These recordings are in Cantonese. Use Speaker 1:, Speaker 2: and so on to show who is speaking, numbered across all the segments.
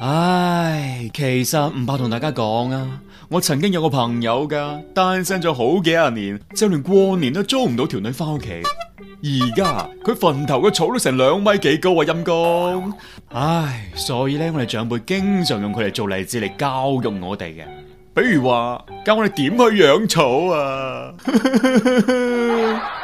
Speaker 1: 唉，其實唔怕同大家講啊，我曾經有個朋友噶，單身咗好幾十年，就連過年都租唔到條女翻屋企，而家佢墳頭嘅草都成兩米幾高啊，陰公，唉，所以咧我哋長輩經常用佢嚟做例子嚟教育我哋嘅，比如話教我哋點去養草啊。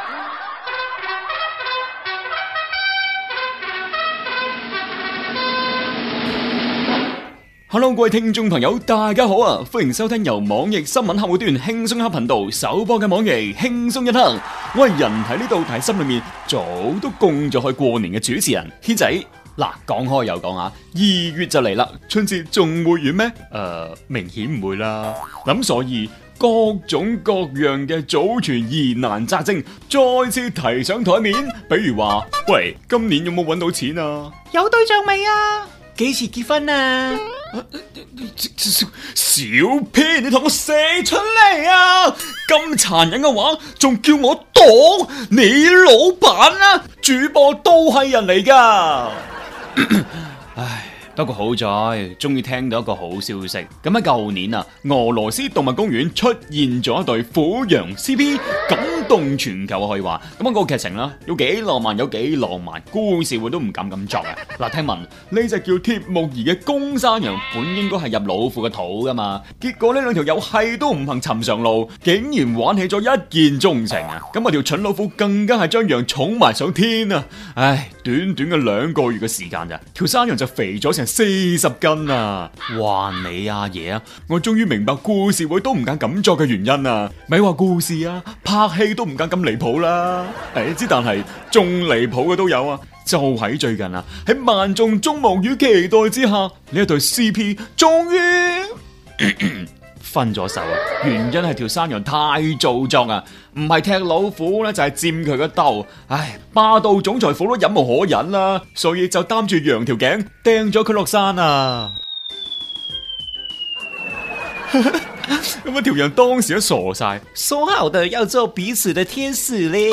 Speaker 1: hello，各位聽眾朋友，大家好啊！歡迎收聽由網易新聞客戶端輕鬆一刻頻道首播嘅網易輕鬆一刻。我係人喺呢度，喺心裏面早都供咗去過年嘅主持人軒仔。嗱，講開又講啊，二月就嚟啦，春節仲會遠咩？誒、呃，明顯唔會啦。咁所以各種各樣嘅祖傳疑難雜症再次提上台面，比如話，喂，今年有冇揾到錢啊？有對象未啊？幾時結婚啊？ 小屁，你同我寫出嚟啊！咁殘忍嘅話，仲叫我當你老闆啊？主播都係人嚟噶， 唉。不過好在，終於聽到一個好消息。咁喺舊年啊，俄羅斯動物公園出現咗一對虎羊 CP，感動全球可以話。咁啊個劇情啦，有幾浪漫有幾浪漫，故事會都唔敢咁作啊！嗱，聽聞呢隻叫鐵木兒嘅公山羊，本應該係入老虎嘅肚噶嘛，結果呢兩條友係都唔憑尋常路，竟然玩起咗一見鍾情啊！咁啊條蠢老虎更加係將羊寵埋上天啊！唉。短短嘅兩個月嘅時間咋，條山羊就肥咗成四十斤啊！哇，你阿爺啊，爺我終於明白故事會都唔敢咁作嘅原因啦，啊！咪話故事啊，拍戲都唔敢咁離譜啦，啊！誒、哎，之但係仲離譜嘅都有啊，就喺最近啊，喺萬眾矚目與期待之下，呢一對 CP 終於，咳咳分咗手啊！原因係條山羊太做作啊，唔係踢老虎咧就係佔佢嘅兜。唉，霸道總裁虎都忍無可忍啦、啊，所以就擔住羊條頸掟咗佢落山啊！咁啊，條羊當時都傻晒。說好的要做彼此的天使咧，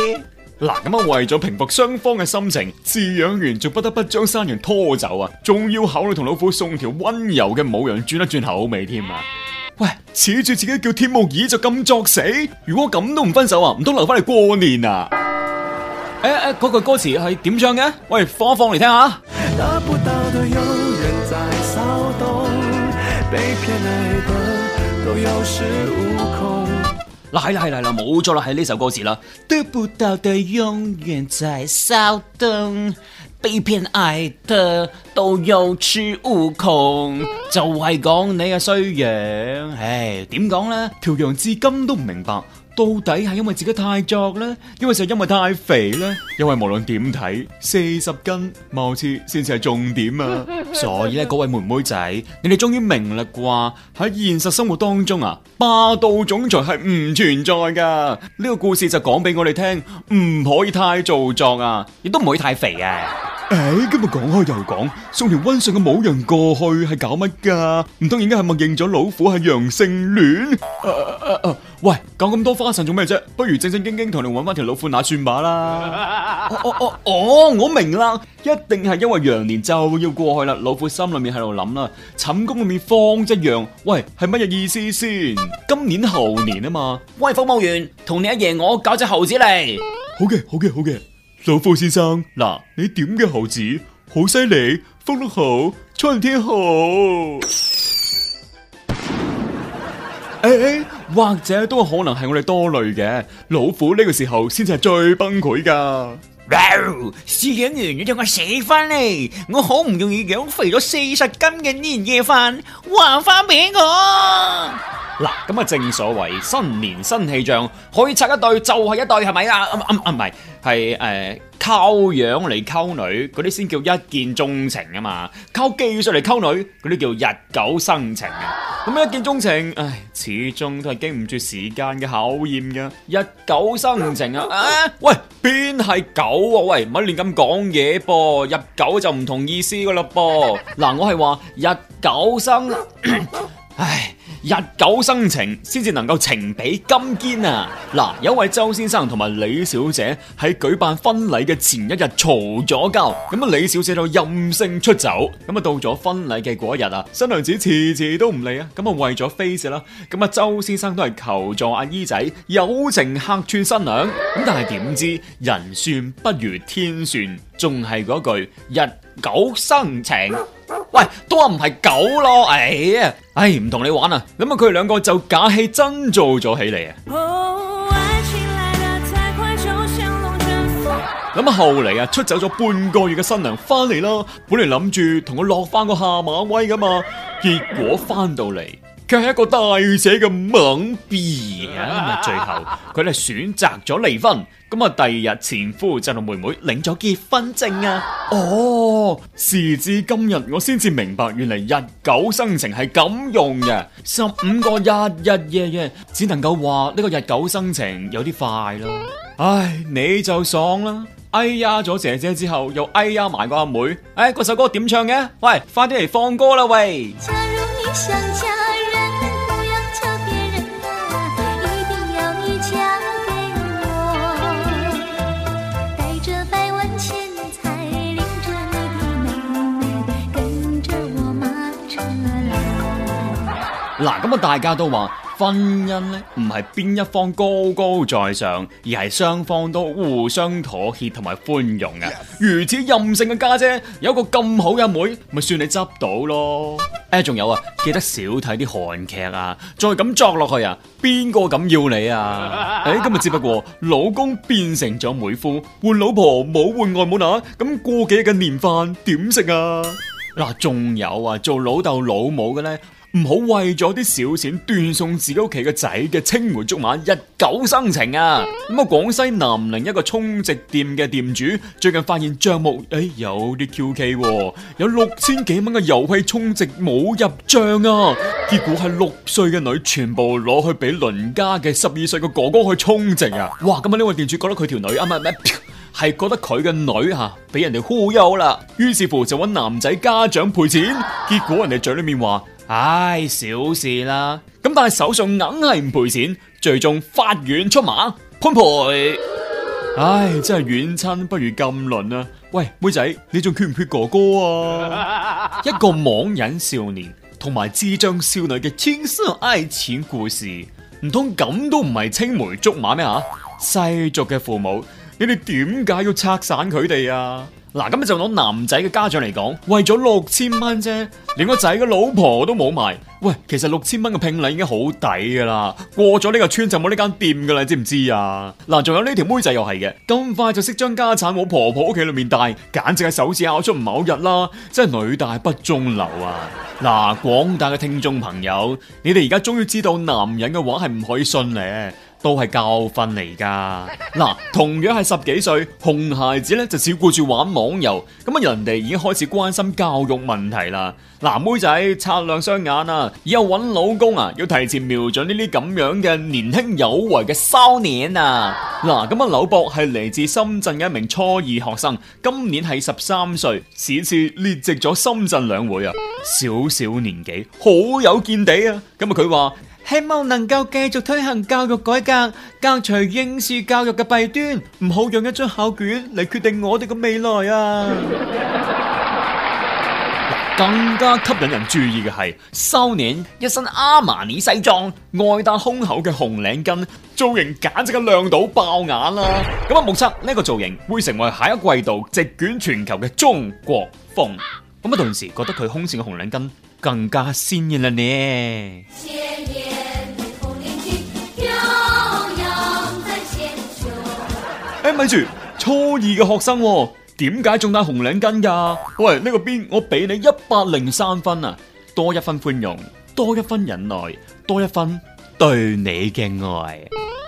Speaker 1: 嗱咁啊，樣為咗平復雙方嘅心情，飼養員仲不得不將山羊拖走啊，仲要考慮同老虎送條溫柔嘅母羊轉一轉口味添啊！喂。恃住自己叫天木耳就咁作死，如果咁都唔分手啊，唔通留翻嚟過年啊？誒誒、哎，嗰、哎、句、那個、歌詞係點唱嘅？喂，放一放嚟聽
Speaker 2: 下。得不到的永遠在騷動，被偏愛的都有恃無恐。
Speaker 1: 嗱係啦係啦係啦，冇錯啦，係呢首歌詞啦。得不到的永遠在騷動。被偏愛嘅都有恃無恐，就係、是、講你嘅衰樣。唉，點講呢？條羊至今都唔明白。到底係因為自己太作呢？因為就因為太肥呢？因為無論點睇，四十斤，貌似先至係重點啊。 所以呢，各位妹妹仔，你哋終於明啦啩？喺現實生活當中啊，霸道總裁係唔存在噶。呢個故事就講俾我哋聽，唔可以太做作啊，亦都唔可以太肥啊。哎、欸，今日講開又講，送條溫順嘅母羊過去係搞乜噶？唔通而家係咪認咗老虎係羊性戀、啊啊啊？喂，搞咁多花神做咩啫？不如正正經經同你搵翻條老虎乸算吧啦！哦哦哦，我明啦，一定係因為羊年就要過去啦，老虎心裏面喺度諗啦，寢宮裏面放隻羊。喂，係乜嘢意思先？今年猴年啊嘛，喂，服務員同你阿爺我搞隻猴子嚟。好嘅，好嘅，好嘅。老虎先生，嗱，你點嘅猴子好犀利，福祿猴，春天猴。誒、 欸欸，或者都可能係我哋多慮嘅，老虎呢個時候先至係最崩潰噶。飼養員，你將我死翻嚟，我好唔容易養肥咗四十斤嘅年夜飯，還翻俾我。嗱，咁啊，正所謂新年新氣象，可以拆一對就係一對，係咪啊？唔唔唔，唔係，係誒，靠樣嚟溝女嗰啲先叫一見鍾情啊嘛，靠技術嚟溝女嗰啲叫日久生情啊。咁一見鍾情，唉，始終都係經唔住時間嘅考驗噶，日久生情啊！啊，喂，邊係狗啊？喂，唔好亂咁講嘢噃，日久就唔同意思噶啦噃。嗱，我係話日久生，唉。日久生情，先至能夠情比金堅啊！嗱、啊，有位周先生同埋李小姐喺舉辦婚禮嘅前一日嘈咗交，咁啊李小姐就任性出走，咁啊到咗婚禮嘅嗰一日啊，新娘子次次都唔嚟啊，咁啊為咗 face 啦，咁啊周先生都係求助阿姨仔友情客串新娘，咁但係點知人算不如天算，仲係嗰句日久生情。喂，都話唔係狗咯，哎呀，哎，唔同你玩啦，咁啊，佢哋兩個就假戲真做咗起嚟
Speaker 2: 啊。諗下、哦、愛情嚟得太快就像龍捲
Speaker 1: 風，後嚟啊，出走咗半個月嘅新娘翻嚟啦，本嚟諗住同佢落翻個下馬威噶嘛，結果翻到嚟。佢係一個大寫嘅懵逼啊！咁啊，最後佢哋選擇咗離婚。咁啊，第二日前夫就同妹妹領咗結婚證啊！哦，時至今日我先至明白，原嚟日久生情係咁用嘅。十五個日日夜夜，只能夠話呢個日久生情有啲快咯。唉，你就爽啦！哎呀咗姐姐之後，又哎呀埋個阿妹。唉，嗰首歌點唱嘅？喂，快啲嚟放歌啦喂！
Speaker 2: 那百萬錢財，拎着你的妹，跟
Speaker 1: 着我馬車來喇，咁大家都話。婚姻咧唔係邊一方高高在上，而係雙方都互相妥協同埋寬容啊！Yes. 如此任性嘅家姐、姐，有一個咁好嘅妹、妹，咪算你執到咯！誒、哎，仲有啊，記得少睇啲韓劇啊！再咁作落去啊，邊個敢要你啊？誒、哎，今日只不過老公變成咗妹夫，換老婆冇換外母嗱，咁過幾日嘅年飯點食啊？嗱、啊，仲有啊，做老豆老母嘅咧。唔好為咗啲小錢斷送自己屋企嘅仔嘅青梅竹馬日久生情啊！咁啊，廣西南寧一個充值店嘅店主最近發現賬目，誒有啲蹊蹺，有六千幾蚊嘅遊戲充值冇入賬啊！結果係六歲嘅女全部攞去俾鄰家嘅十二歲嘅哥哥去充值啊！哇！咁啊，呢位店主覺得佢條女啊唔係咩，係覺得佢嘅女吓俾，啊、人哋忽悠啦，於是乎就揾男仔家長賠錢，結果人哋嘴裏面話。唉，小事啦。咁但係手上硬係唔賠錢，最終法院出馬判賠。潘唉，真係遠親不如近鄰啊！喂，妹仔，你仲缺唔缺哥哥啊？ 一個網癮少年同埋智障少女嘅青澀愛情故事，唔通咁都唔係青梅竹馬咩？啊，世俗嘅父母，你哋點解要拆散佢哋啊？嗱，咁就攞男仔嘅家長嚟講，為咗六千蚊啫，連個仔嘅老婆都冇埋。喂，其實六千蚊嘅聘禮已經好抵㗎啦，過咗呢個村就冇呢間店㗎啦，知唔知啊？嗱，仲有呢條妹仔又係嘅，咁快就識將家產往婆婆屋企裏面帶，簡直係手指拗出唔某日啦，真係女大不中留啊！嗱、啊，廣大嘅聽眾朋友，你哋而家終於知道男人嘅話係唔可以信咧。都係教訓嚟噶，嗱、啊，同樣係十幾歲，熊孩子咧就照顧住玩網遊，咁啊人哋已經開始關心教育問題啦。嗱、啊，妹仔擦亮雙眼啊，以後揾老公啊，要提前瞄準呢啲咁樣嘅年輕有為嘅騷年啊。嗱、啊，咁啊柳博係嚟自深圳嘅一名初二學生，今年係十三歲，此次列席咗深圳兩會啊，小小年紀好有見地啊。咁啊佢話。希望能夠繼續推行教育改革，教除應試教育嘅弊端，唔好用一張考卷嚟決定我哋嘅未來啊！ 更加吸引人注意嘅係，收年一身阿瑪尼西裝，外搭胸口嘅紅領巾，造型簡直係亮到爆眼啦！咁啊， 目測呢、這個造型會成為下一季度席捲全球嘅中國風。咁啊，同時覺得佢胸前嘅紅領巾更加鮮豔啦呢！咪住，初二嘅學生點解仲戴紅領巾噶？喂，呢個邊，我俾你一百零三分啊！多一分寬容，多一分忍耐，多一分對你嘅愛。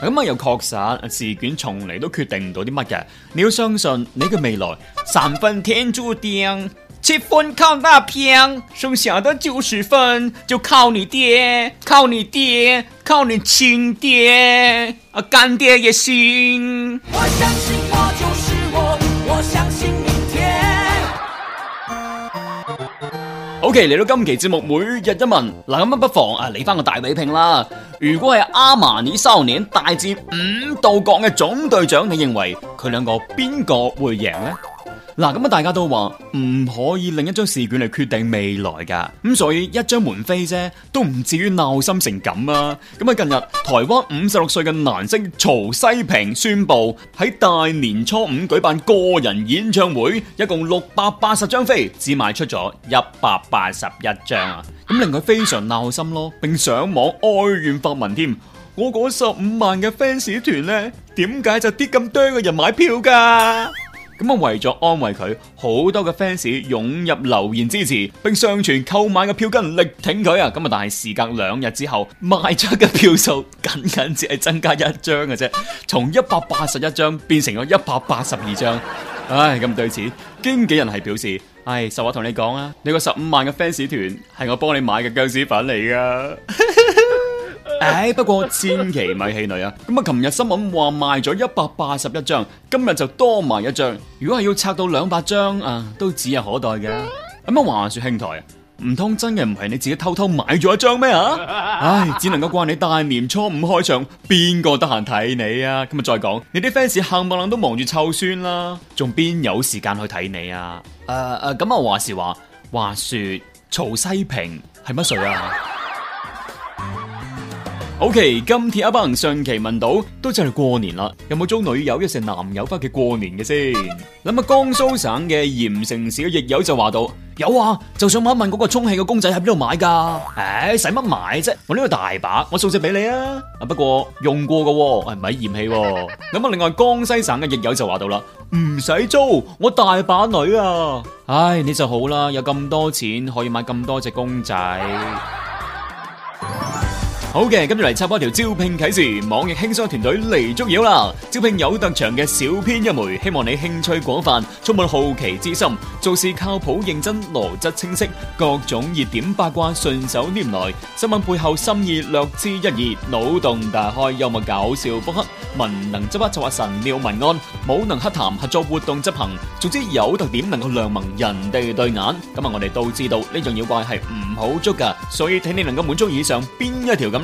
Speaker 1: 咁 啊，又確實，試卷從嚟，都決定唔到啲乜嘅。你要相信你嘅未來，三分天注定。七分靠大片，剩下的九十分就靠你爹，靠你爹，靠你親爹，啊乾爹也行。我
Speaker 2: 相信我就是我，我相信明天。
Speaker 1: O K，嚟到今期節目每日一問，嗱咁樣不妨啊嚟翻個大比拼啦！如果係阿瑪尼少年大戰五道槓嘅總隊長，你認為佢兩個邊個會贏呢？嗱，咁啊，大家都話唔可以另一張試卷嚟決定未來噶，咁所以一張門飛啫，都唔至於鬧心成咁啊！咁啊，近日台灣五十六歲嘅男星曹西平宣布喺大年初五舉辦個人演唱會，一共六百八十張飛，只賣出咗一百八十一張啊！咁令佢非常鬧心咯，並上網哀怨發文添，我嗰十五萬嘅 fans 團呢，點解就啲咁多嘅人買票噶？咁為咗安慰佢，好多嘅 fans 湧入留言支持，並上傳購買嘅票根力挺佢啊！咁啊，但係時隔兩日之後，賣出嘅票數僅僅只係增加一張嘅啫，從一百八十一張變成咗一百八十二張。唉，咁對此，經紀人係表示：，唉，實話同你講啊，你個十五萬嘅 fans 團係我幫你買嘅僵屍粉嚟噶。 唉、哎，不過千祈咪氣餒啊！咁、嗯、啊，琴日新聞話賣咗一百八十一張，今日就多賣一張。如果係要拆到兩百張啊，都指日可待嘅、啊。咁、嗯、啊，話說兄台啊，唔通真嘅唔係你自己偷偷買咗一張咩啊？唉、哎，只能夠怪你大年初五開場，邊個得閒睇你啊？咁、嗯、啊，再講你啲 fans 冚唪唥都忙住湊孫啦，仲邊有時間去睇你啊？誒、嗯、誒，咁、嗯、啊、嗯，話時話，話說曹西平係乜水啊？O、okay, K，今天阿班上期問到，都真係過年啦，有冇租女友或者男友翻去過年嘅先？諗下江蘇省嘅鹽城市嘅亦友就話到，有啊，就想問一問嗰個充氣嘅公仔喺邊度買噶？誒、哎，使乜買啫？我呢度大把，我送隻俾你啊！不過用過嘅、啊，誒唔係嫌棄、啊。諗下另外江西省嘅亦友就話到啦，唔使 租，我大把女啊！唉，你就好啦，有咁多錢可以買咁多隻公仔。好嘅，今日嚟插播一條招聘啟事，網易輕鬆團隊嚟捉妖啦！招聘有特長嘅小編一枚，希望你興趣廣泛，充滿好奇之心，做事靠譜認真，邏輯清晰，各種熱點八卦順手拈來，新聞背後心意略知一二，腦洞大開，幽默搞笑，腹黑文能執筆策劃神妙文案，武能黑談合作活動執行，總之有特點能夠亮萌人哋對眼。咁啊，我哋都知道呢種妖怪係唔好捉噶，所以睇你能夠滿足以上邊一條咁。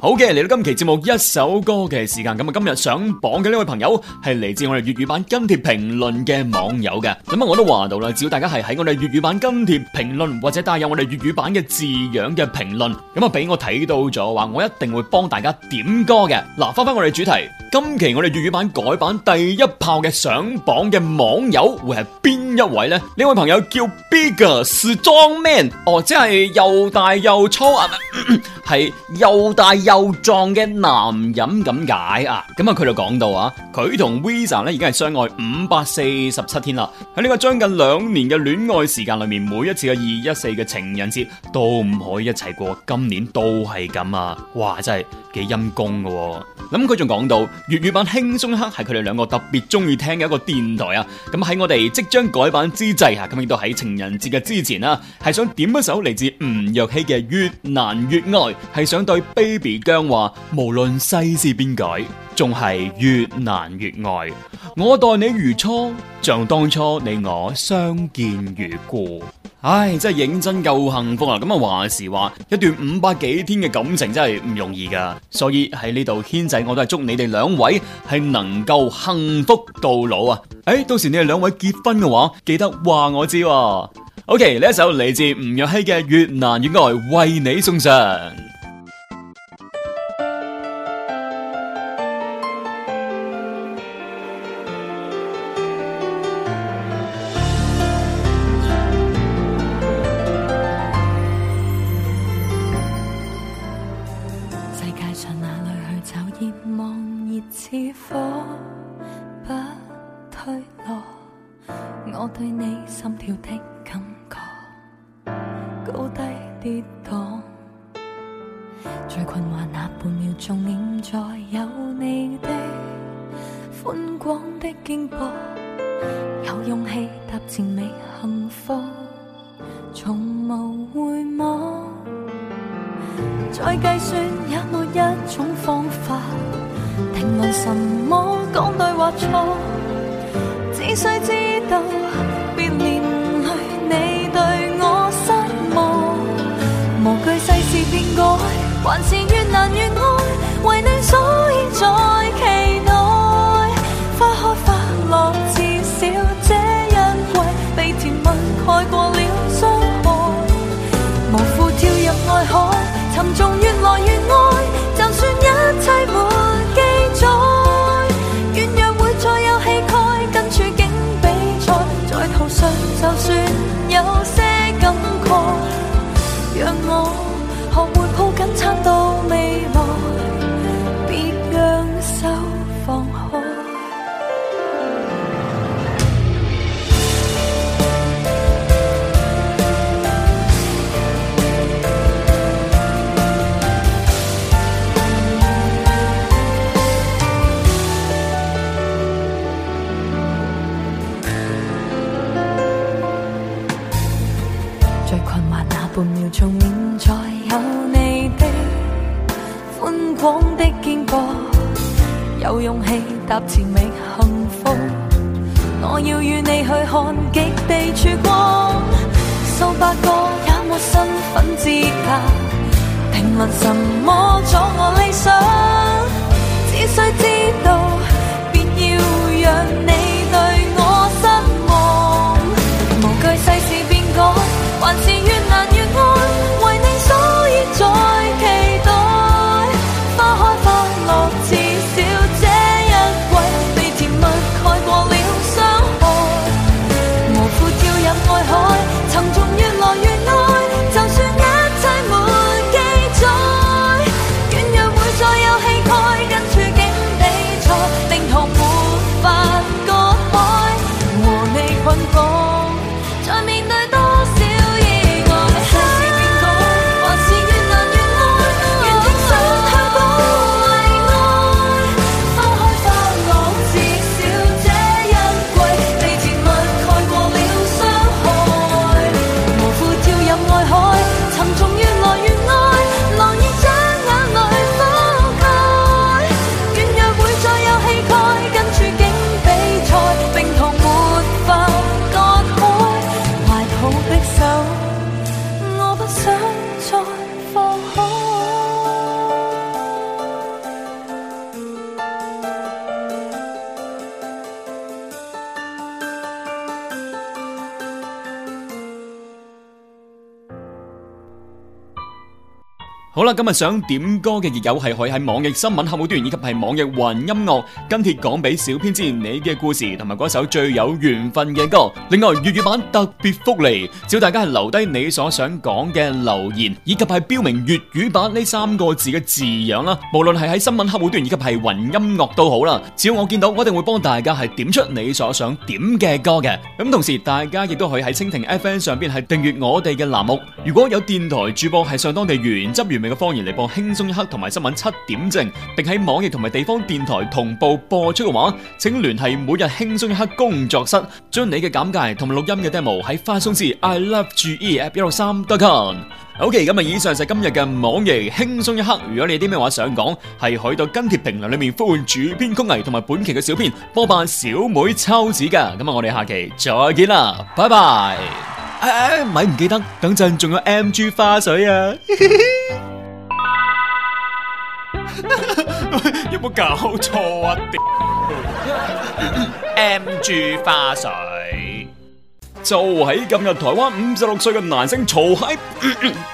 Speaker 1: 好嘅，嚟到今期節目一首歌嘅時間，咁啊今日上榜嘅呢位朋友係嚟自我哋粵語版跟帖評論嘅網友嘅，咁啊我都話到啦，只要大家係喺我哋粵語版跟帖評論或者帶有我哋粵語版嘅字樣嘅評論，咁啊俾我睇到咗，話我一定會幫大家點歌嘅。嗱，翻翻我哋主題，今期我哋粵語版改版第一炮嘅上榜嘅網友會係邊一位呢？呢位朋友叫 Bigger Strong Man，哦，即係又大又粗啊，係、呃、又大。又壯嘅男人咁解啊！咁啊佢就講到啊，佢同 Visa 咧已經係相愛五百四十七天啦。喺呢個將近兩年嘅戀愛時間裏面，每一次嘅二一四嘅情人節都唔可以一齊過，今年都係咁啊！哇，真係幾陰公嘅。咁佢仲講到粵語版輕鬆一刻，係佢哋兩個特別中意聽嘅一個電台啊。咁、啊、喺我哋即將改版之際啊，咁亦都喺情人節嘅之前啊，係想點一首嚟自吳若希嘅《越難越愛》，係想對 Baby。而姜話：無論世事變改，仲係越難越愛。我待你如初，像當初你我相見如故。唉，真係認真夠幸福啊！咁啊，話時話，一段五百幾天嘅感情真係唔容易噶。所以喺呢度，軒仔我都係祝你哋兩位係能夠幸福到老啊！誒，到時你哋兩位結婚嘅話，記得話我知。O K，呢一首嚟自吳若希嘅《越難越愛》，為你送上。
Speaker 2: 似火不退落，我對你心跳的感覺高低跌宕，最困惑那半秒鐘，念在有你的寬廣的肩膊，有勇氣踏前未幸福，從無回望，
Speaker 1: 再計算也
Speaker 2: 沒一種方法。停論什麼？講對或錯。只需知。有勇氣踏前覓幸福，我要與你去看極地曙光。數百個也冇身份資格，評論什麼阻我理想？只需知道，別要讓你對我失望。無懼世事變改，還是
Speaker 1: 今日想點歌嘅益友係可以喺網易新聞客戶端以及係網易雲音樂跟帖講俾小編知你嘅故事同埋嗰首最有緣分嘅歌。另外粵語版特別福利，只要大家係留低你所想講嘅留言，以及係標明粵語版呢三個字嘅字樣啦。無論係喺新聞客戶端以及係雲音樂都好啦，只要我見到，我一定會幫大家係點出你所想點嘅歌嘅。咁同時大家亦都可以喺蜻蜓 FM 上邊係訂閱我哋嘅欄目。如果有電台主播係上當地原汁原味嘅。方言嚟播輕鬆一刻同埋新聞七點正，並喺網易同埋地方電台同步播出嘅話，請聯繫每日輕鬆一刻工作室，將你嘅簡介同埋錄音嘅 demo 喺花送至 I Love G E f p p 幺六三 dot com。OK，咁啊，以上就係今日嘅網易輕鬆一刻。如果你有啲咩話想講，係可以到跟帖評論裏面呼喚主編、曲藝同埋本期嘅小編播扮小妹抽子噶。咁啊，我哋下期再見啦，拜拜！哎哎、啊，咪唔記得，等陣仲有 M G 花絮啊！ 有冇搞錯啊？點？M G 花絮就喺今日台灣五十六歲嘅男星曹丕，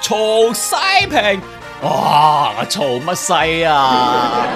Speaker 1: 曹西平啊，曹乜西啊？